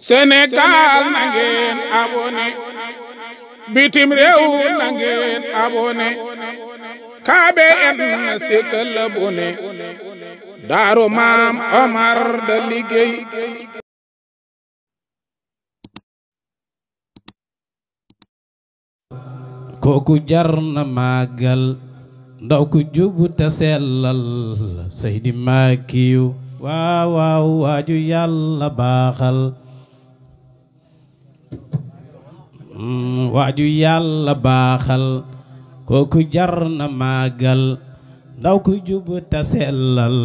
Sénégal na ngeen abonné bitim réew na ngeen abonné KBN na sikkal abonné Daaru Maam Omar da liggéey kooku jar na màggal ndaw ku jubu te sellal Seydi Makiyu waaw waaju yàlla baaxal waaju yàlla baaxal kooku jar na màggal ndaw ku jub ta sellal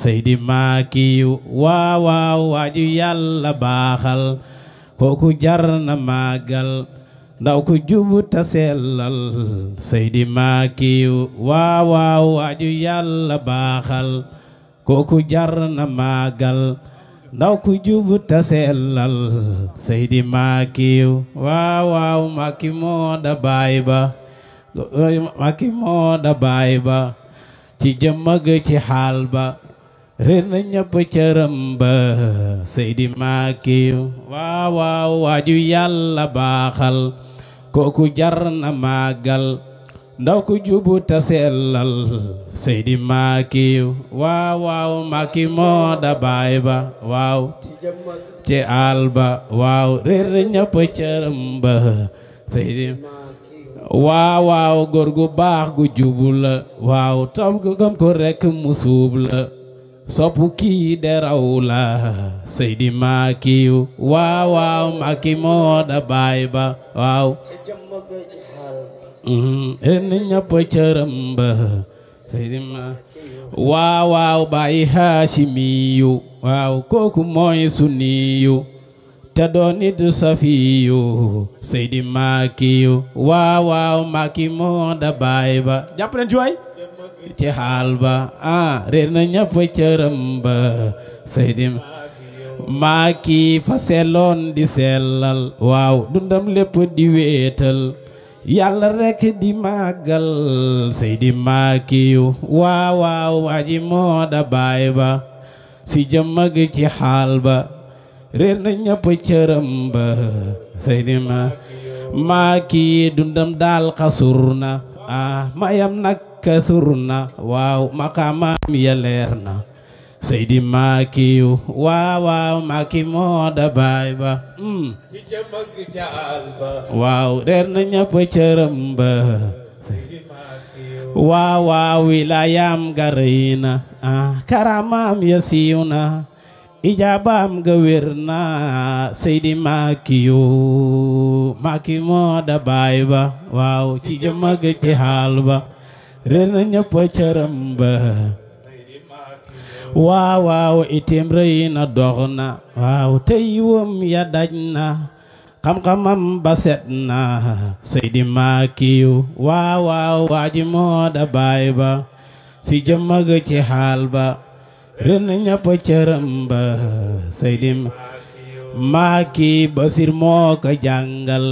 saydi maakiyu waaw waaw waaju yàlla baaxal kooku jar na màggal ndaw ku jub ta sellal saydi maakiyu waaw waaw waaju yàlla baaxal kooku jar na màggal ndaw ku jub ta sellal seydi maakiw waaw waaw maaki moo da baay ba maaki moo da ci jëmmag ci xaal ba réer na ñëpp cëram ba seydi maakiw waaw waaw waaju yàlla baaxal kooku jar na màggal ndaw ku jubu ta sellal seydi maaki waaw waaw maaki moo da baay ba waaw ci àll ba waaw réer ñëpp cëram ba waaw waaw góor gu baax gu jubu la waaw tom gu gëm ko rekk mu la sopp kii deraw la seydi maaki waaw waaw maaki moo da baay ba waaw en ñëpp cëram ba waaw waaw baay haasimiyu waaw kooku mooy sunniyu te doon it safiyu seydi maakiyu waaw waaw maaki moo da baay ba jàpp leen ci waay ba ah réer na maaki fa selloon di sellal waaw dundam lépp di wéetal yàlla rekk di màggal Seydi Maakiyu waaw waaw aji moo da baay ba si jëmmag ci xaal ba réer na ñëpp cëram ba Seydi Maakiyu dundam daal xasur na ah mayam nag kasur na waaw maqaamaam ya na seydi maakiyu waaw waaw maaki moo da baay ba ci ca mag caal ba waaw reer na ñëpp cërëm ba waaw waaw wilaayam ga rëy na ah, ya siiw na ijaabaam ga wér na seydi maakiyu maaki moo da baay ba waaw ci ca mag ci xaal ba reer na ñëpp cërëm ba waaw waaw itim rëy na dox na waaw tey wëm ya daj na xam-xamam ba set na seydi maakiyu waaw waaw waaji moo da baay ba si jëmmëg ci xaal ba ren ñappa cërëm ba seydi maaki basir moo ko jàngal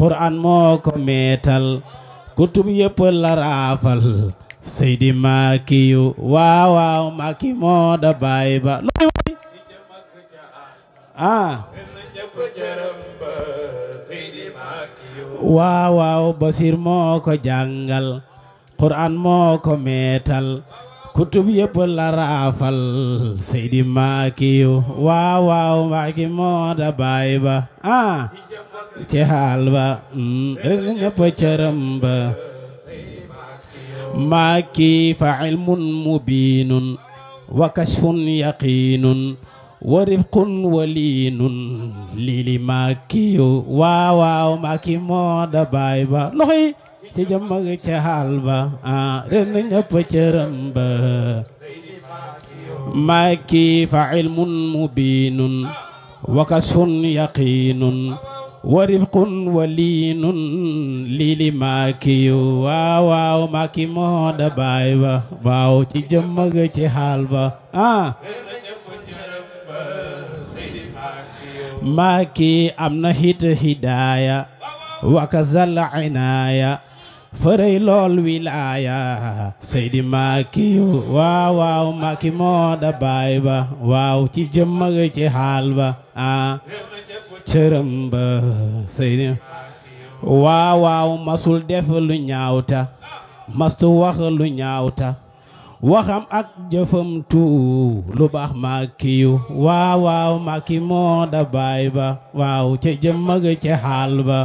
quraan moo ko meetal kutub yëpp la raafal seydi maaki yu waaw moo da baay ba looy way ah waaw basir moo ko jàngal qur'an moo ko meetal kutub yëpp la raafal seydi maaki yu waaw moo da baay ba ah ci haal ba mm. rek ñëpp cërëm ba maaki fa ilmun mubiinun wa kashfun yaqiinun wa rifqun waliinun lili maaki waaw waaw maaki moo da baay ba loxo yi ci jëmm ak ca xaal ba ah, ren ñëpp cëram ba maaki fa ilmun mubiinun wa kashfun yaqiinun wa rifqun waliinun lili maaki yu waaw waaw maaki moo da baay ba waaw ci jëmm ga ci xaal ba ah maaki am na hit hidaaya wakazal inaaya fërëy lool wilaaya seydi maaki yu waaw waaw maaki moo da baay ba waaw ci jëmm ga ci xaal ba ah cërëm ba sëy masul def lu ñaawta mastu wax ñaawta waxam ak jëfam tuu lu baax màkkiyu waaw waaw màkki moo da baay ba waaw ca jëmmëg ca xaal ba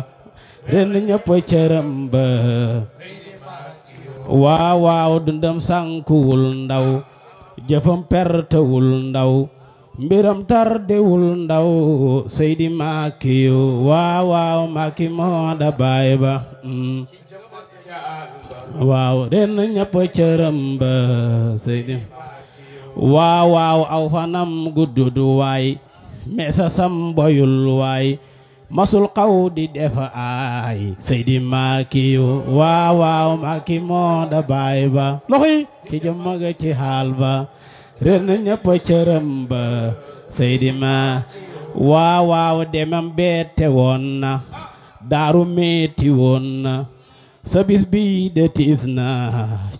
ren ñëpp cërëm ba waaw dundam sànkuwul ndaw jëfam pertewul ndaw mbiram tardewul ndaw seydi maaki yu waaw waaw maaki moo da baay ba mm. waaw ren ñëpp cërëm ba seydi waaw waaw aw fanam guddudu waay meesa sam boyul waay masul xaw di defa ay seydi maaki yu waaw maaki moo da baay ba loxi ci jëmmaga ci xaal ba réer na ñëpp cëram ba seydi ma waaw waaw demam beete woon na daaru meeti woon na sa bis bi de tiis na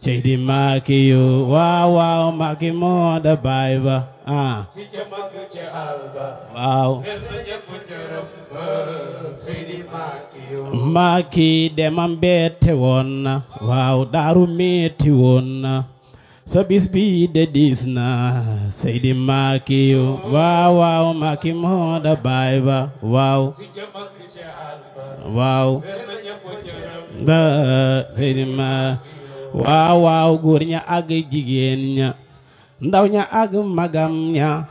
seydi maaki yu waaw waaw maaki moo da baay ba ah waaw maaki demam beete woon na waaw daaru meeti woon na sa bis bi de diis na Seydi Macky yu waaw waaw Macky moo da baay ba waaw waaw ba Seydi waaw waaw góor ña ak jigéen ña ndaw ña ag magam ña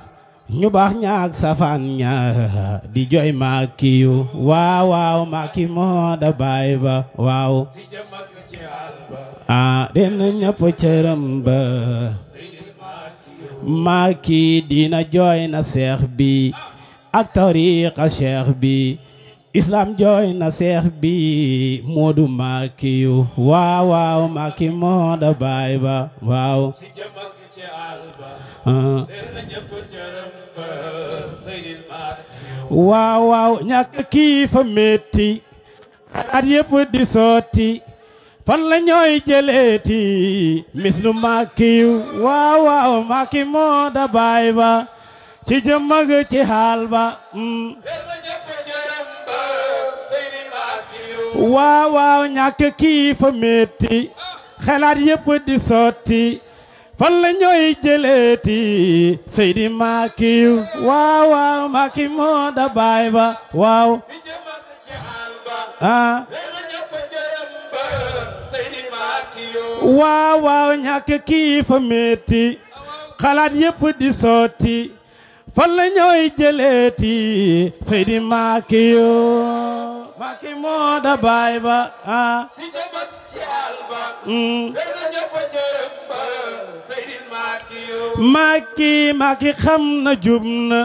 ñu baax ña ak safaan ña di jooy Macky waaw waaw Macky moo da baay ba waaw a den ñëpp cëram maaki diina jooy seex bi ak tariqa seex bi islam jooy na seex bi moodu maaki waaw waaw maaki moo baay ba waaw waaw ñàkk kii metti at yëpp di sotti fan la ñooy jëleeti mislu makki waaw waaw makki moo da baay ba ci jëmmëg ci xaal ba mm. waaw waaw ñàkk kii fa metti xalaat yépp di sotti fan la ñooy jëleeti seydi makki waaw waaw makki moo da baay ba waaw ah. waaw waaw ñàkk kii fa metti xalaat yépp di sotti fan la ñooy jëleeti Seydi Macky yoo Macky moo da baay ba ah Macky xam na jub na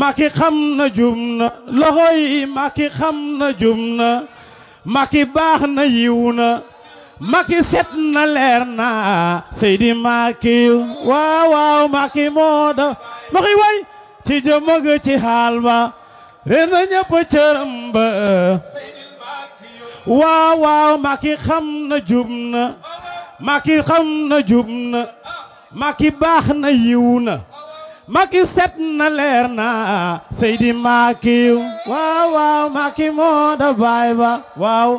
Macky xam na jub na loxo yi xam na jub na Macky baax na yiw na Macky set na leer na Seydi Macky waaw waaw Macky moo da loxoy way ci jëmëg ci xaal ba reen na ñëpp cëram ba waaw waaw xam na jub na Macky xam na jub na Macky baax na yiw na Macky seet na leer na Seydi Macky waaw waaw Macky moo da baay ba waaw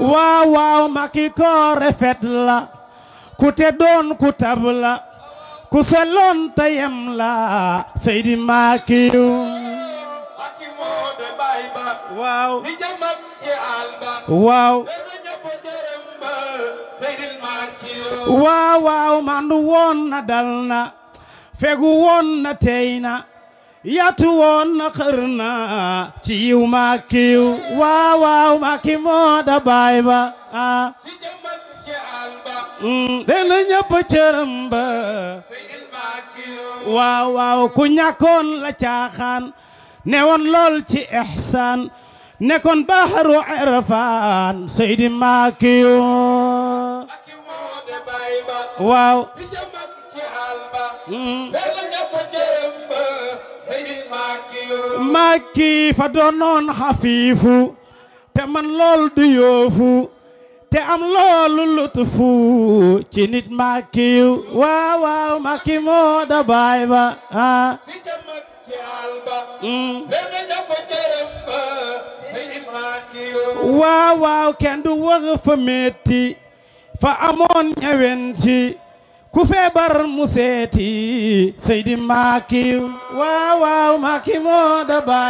waaw waaw maki ko refet ku te doon ku tab ku soloon ta yem la seydi maki waaw waaw mandu woon na dal fegu woon na tey yaatu woon na ci yiw maa kiiw waaw moo da baay ba ah mm, ci jëmbat ba dena ñëpp cërëm ba waaw ku ñàkkoon la caaxaan ne lool ci ihsaan nekkoon baaxaru irfaan seydi maa kiiw Macky fa doonoon xafiifu te man lool du yoofu te am loolu lutufu ci nit Macky waaw waaw moo da baay ba ah mm. kenn du war fa metti fa amoon ñewen ku feebar mu seeti Seydi Macky waaw waaw Macky moo da ba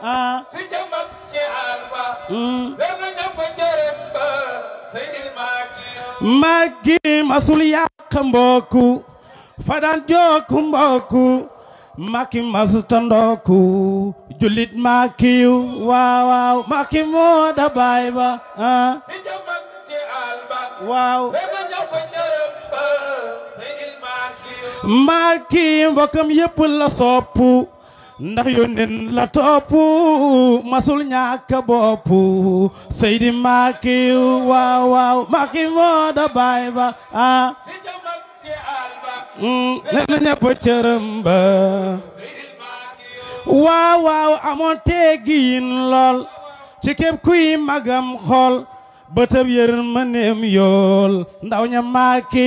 ah si jëmam ci aal ba ber hmm. na jàpp jërëm ba Seydi Macky Macky masul yàq mbokku fadan jooku mbokku tandooku jullit Macky waaw waaw moo da baay ba ah si jëmam ci aal waaw Mbacké mbokkam yépp la sopp ndax yónneen la topp masul ñàkk bopp Seydi Mbacké waaw waaw Mbacké moo da baay ba ah mm, nee cërëm ba waaw waaw amoon teegiin lool ci képp kuy magam xool bëtëb yërmandeem yool ndaw ña Mbacké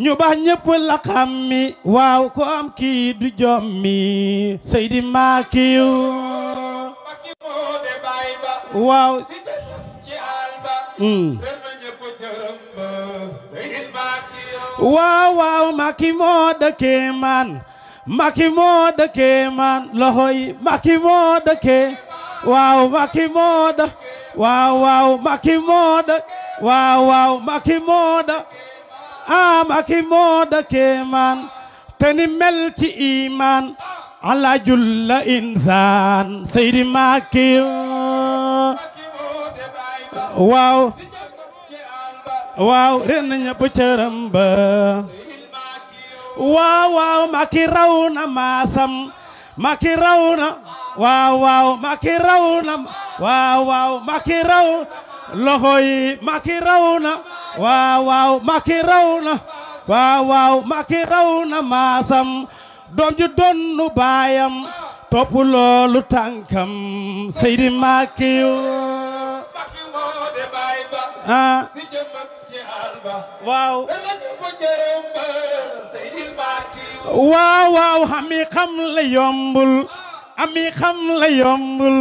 ñu baax ñëpp la mi waaw ko am kii du jommi Seydi Makiyu hmm. waaw waaw waaw moo dëkkee man Maki moo dëkkee man loxo yi Maki moo dëkkee waaw Maki moo dëkkee waaw waaw Maki moo dëkkee waaw waaw Maki moo dëkkee am ak i mooda keemaan te ni mel ci iimaan ala julla insaan seydi maaki waaw waaw ren na ñëpp cëram waaw waaw maaki raw na maasam maaki raw na waaw waaw maaki raw na waaw waaw maaki raw loxo yi maaki raw na waaw waaw Macky raw na waaw waaw Macky raw na maasam doom ju donnu baayam topp loolu tànkam Seydi Macky ah waaw waaw waaw ami xam la yombul ami xam la yombul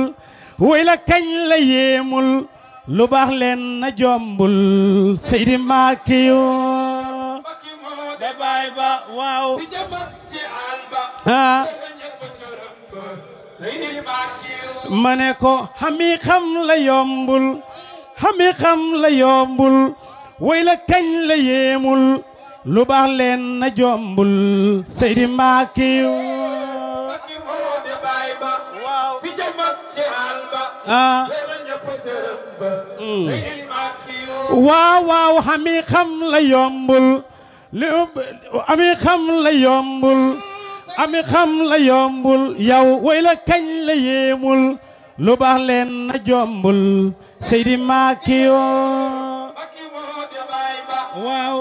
woy la kañ la yéemul lu baax leen na jombul Seydi Makiyu de baay ba ah. ne ko xami xam la yombul xami xam la yombul way kañ la yéemul lu baax leen na jombul Seydi Makiyu ah Mm. waaw waaw xami xam la yombul li ami xam xam la yombul yow way kañ la yéemul lu leen na jombul Seydi Makiyo waaw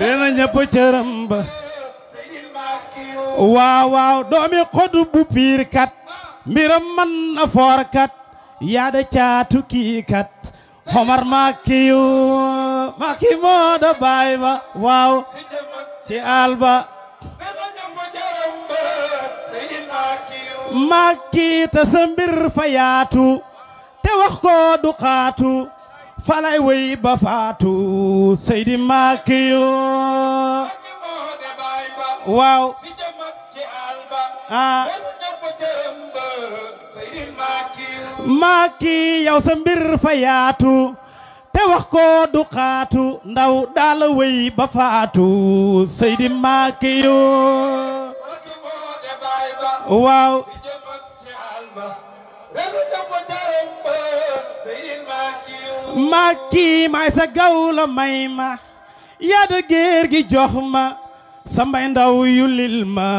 reena ñëpp cëram ba waaw doomi xodu bu piir kat mbiram man na foor kat yaada caatu kii kat xomar makkiyu makki moo da baay ba waaw ci àll ba makki ta sa mbir fa yaatu te wax ko du xaatu falay way faatu seydi makkiyu waaw ah maaki yow sa mbir fa yaatu te wax ko du xaatu ndaw daal a ba faatu seydi maaki yoo maaki may sa gaw may ma yaa da gi jox ma sambay ndaw yulil ma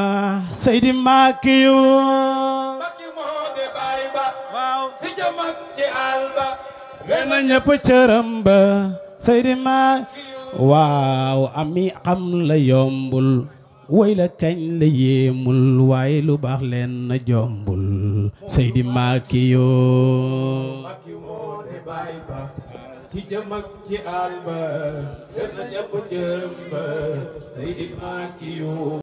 seydi makiyu maki moo de waaw si jëmam ci àll ba ren na ñëpp cëram ba seydi makiyu waaw ami xam la yombul woy kañ la yéemul waaye lu baax leen na jombul seydi makiyu maki moo ci jëm ak ci àll ba gën a jàpp cërëm ba Seydi Makiyu